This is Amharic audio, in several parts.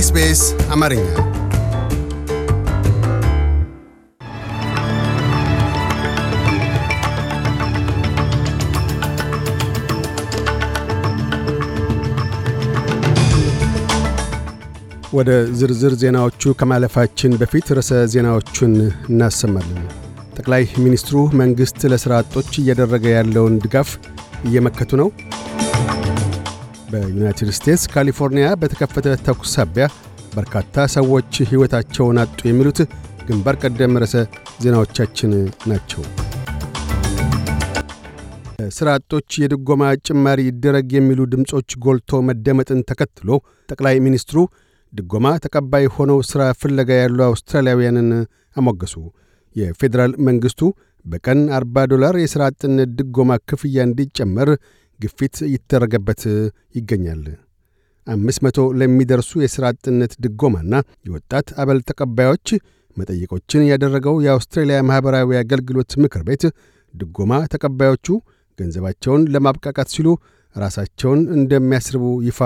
ኤስቢኤስ አማርኛ ወደ ዝርዝር ዜናዎቹ ከማለፋችን በፊት ርዕሰ ዜናዎቹን እናሰማለን። ጠቅላይ ሚኒስትሩ መንግሥት ለሥራ አጦች እያደረገ ያለውን ድጋፍ እየመከቱ ነው። በዩናይትድ ስቴትስ ካሊፎርኒያ በተከፈተ ተኩስ ሳቢያ በርካታ ሰዎች ሕይወታቸውን አጡ የሚሉት ግንባር ቀደም ርዕሰ ዜናዎቻችን ናቸው። ሥራ አጦች የድጎማ ጭማሪ ይደረግ የሚሉ ድምፆች ጎልቶ መደመጥን ተከትሎ ጠቅላይ ሚኒስትሩ ድጎማ ተቀባይ ሆነው ሥራ ፍለጋ ያሉ አውስትራሊያውያንን አሞገሱ። የፌዴራል መንግሥቱ በቀን 40 ዶላር የሥራ አጥነት ድጎማ ክፍያ እንዲጨመር ግፊት እየተደረገበት ይገኛል። አምስት መቶ ለሚደርሱ የሥራ አጥነት ድጎማና የወጣት አበል ተቀባዮች መጠየቆችን ያደረገው የአውስትሬልያ ማኅበራዊ አገልግሎት ምክር ቤት ድጎማ ተቀባዮቹ ገንዘባቸውን ለማብቃቃት ሲሉ ራሳቸውን እንደሚያስርቡ ይፋ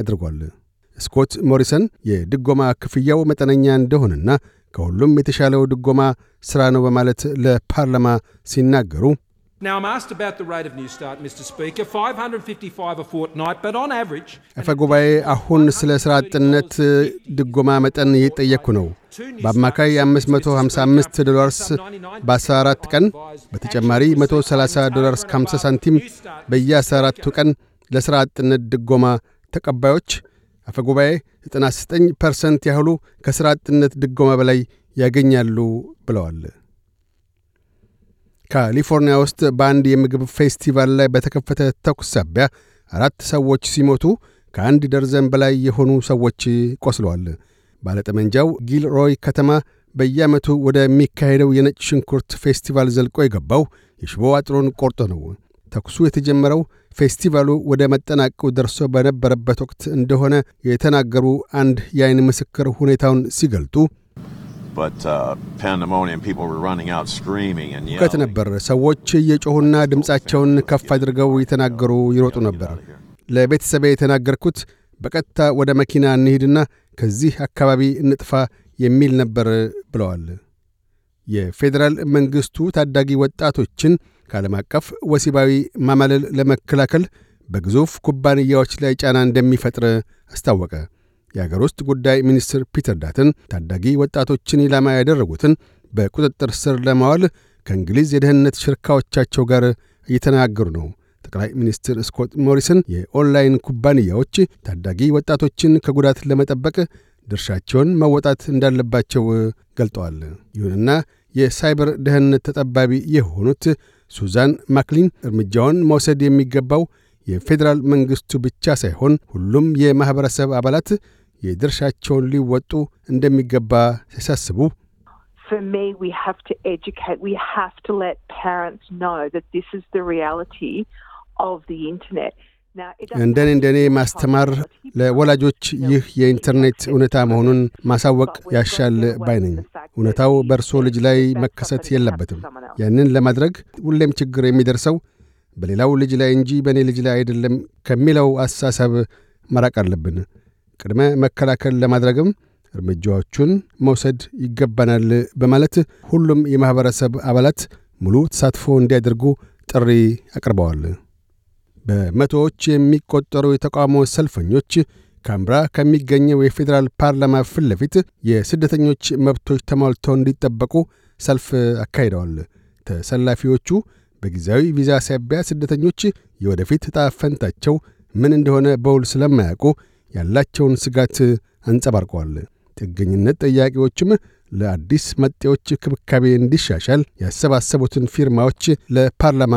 አድርጓል። ስኮት ሞሪሰን የድጎማ ክፍያው መጠነኛ እንደሆነና ከሁሉም የተሻለው ድጎማ ሥራ ነው በማለት ለፓርላማ ሲናገሩ አፈ ጉባኤ፣ አሁን ስለ ሥራ አጥነት ድጎማ መጠን እየጠየቅኩ ነው። በአማካይ 555 ዶላርስ በ14 ቀን፣ በተጨማሪ 130 ዶላርስ 50 ሳንቲም በየ14ቱ ቀን ለሥራ አጥነት ድጎማ ተቀባዮች አፈ ጉባኤ 99 ፐርሰንት ያህሉ ከሥራ አጥነት ድጎማ በላይ ያገኛሉ ብለዋል። ካሊፎርኒያ ውስጥ በአንድ የምግብ ፌስቲቫል ላይ በተከፈተ ተኩስ ሳቢያ አራት ሰዎች ሲሞቱ ከአንድ ደርዘን በላይ የሆኑ ሰዎች ቆስለዋል። ባለጠመንጃው ጊልሮይ ከተማ በየዓመቱ ወደሚካሄደው የነጭ ሽንኩርት ፌስቲቫል ዘልቆ የገባው የሽቦ አጥሩን ቆርጦ ነው። ተኩሱ የተጀመረው ፌስቲቫሉ ወደ መጠናቀቁ ደርሶ በነበረበት ወቅት እንደሆነ የተናገሩ አንድ የአይን ምስክር ሁኔታውን ሲገልጡ ሁከት uh, ነበር። ሰዎች እየጮኹና ድምፃቸውን ከፍ አድርገው የተናገሩ ይሮጡ ነበር። ለቤተሰቤ የተናገርኩት በቀጥታ ወደ መኪና እንሂድና ከዚህ አካባቢ እንጥፋ የሚል ነበር ብለዋል። የፌዴራል መንግሥቱ ታዳጊ ወጣቶችን ከዓለም አቀፍ ወሲባዊ ማማለል ለመከላከል በግዙፍ ኩባንያዎች ላይ ጫና እንደሚፈጥር አስታወቀ። የአገር ውስጥ ጉዳይ ሚኒስትር ፒተር ዳትን ታዳጊ ወጣቶችን ኢላማ ያደረጉትን በቁጥጥር ስር ለማዋል ከእንግሊዝ የደህንነት ሽርካዎቻቸው ጋር እየተናገሩ ነው። ጠቅላይ ሚኒስትር ስኮት ሞሪሰን የኦንላይን ኩባንያዎች ታዳጊ ወጣቶችን ከጉዳት ለመጠበቅ ድርሻቸውን መወጣት እንዳለባቸው ገልጠዋል። ይሁንና የሳይበር ደህንነት ተጠባቢ የሆኑት ሱዛን ማክሊን እርምጃውን መውሰድ የሚገባው የፌዴራል መንግሥቱ ብቻ ሳይሆን ሁሉም የማኅበረሰብ አባላት የድርሻቸውን ሊወጡ እንደሚገባ ሲያሳስቡ እንደኔ እንደኔ ማስተማር ለወላጆች ይህ የኢንተርኔት እውነታ መሆኑን ማሳወቅ ያሻል ባይ ነኝ። እውነታው በእርሶ ልጅ ላይ መከሰት የለበትም። ያንን ለማድረግ ሁሌም ችግር የሚደርሰው በሌላው ልጅ ላይ እንጂ በእኔ ልጅ ላይ አይደለም ከሚለው አስተሳሰብ መራቅ አለብን። ቅድመ መከላከል ለማድረግም እርምጃዎቹን መውሰድ ይገባናል በማለት ሁሉም የማኅበረሰብ አባላት ሙሉ ተሳትፎ እንዲያደርጉ ጥሪ አቅርበዋል። በመቶዎች የሚቆጠሩ የተቃውሞ ሰልፈኞች ካምብራ ከሚገኘው የፌዴራል ፓርላማ ፊት ለፊት የስደተኞች መብቶች ተሟልተው እንዲጠበቁ ሰልፍ አካሂደዋል። ተሰላፊዎቹ በጊዜያዊ ቪዛ ሳቢያ ስደተኞች የወደፊት ጣፈንታቸው ምን እንደሆነ በውል ስለማያውቁ ያላቸውን ስጋት አንጸባርቀዋል። ጥገኝነት ጠያቂዎችም ለአዲስ መጤዎች ክብካቤ እንዲሻሻል ያሰባሰቡትን ፊርማዎች ለፓርላማ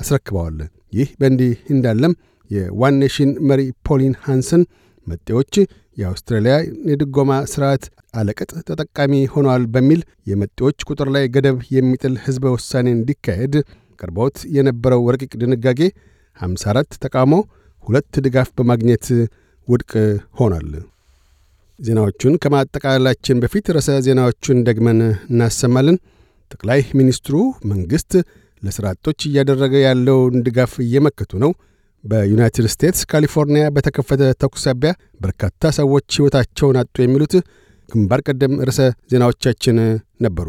አስረክበዋል። ይህ በእንዲህ እንዳለም የዋን ኔሽን መሪ ፖሊን ሃንሰን መጤዎች የአውስትራሊያ የድጎማ ሥርዓት አለቀጥ ተጠቃሚ ሆነዋል በሚል የመጤዎች ቁጥር ላይ ገደብ የሚጥል ሕዝበ ውሳኔ እንዲካሄድ ቀርቦት የነበረው ረቂቅ ድንጋጌ 54 ተቃውሞ፣ ሁለት ድጋፍ በማግኘት ውድቅ ሆኗል። ዜናዎቹን ከማጠቃላችን በፊት ርዕሰ ዜናዎቹን ደግመን እናሰማለን። ጠቅላይ ሚኒስትሩ መንግሥት ለሥራ አጦች እያደረገ ያለውን ድጋፍ እየመከቱ ነው። በዩናይትድ ስቴትስ ካሊፎርኒያ በተከፈተ ተኩስ ሳቢያ በርካታ ሰዎች ሕይወታቸውን አጡ። የሚሉት ግንባር ቀደም ርዕሰ ዜናዎቻችን ነበሩ።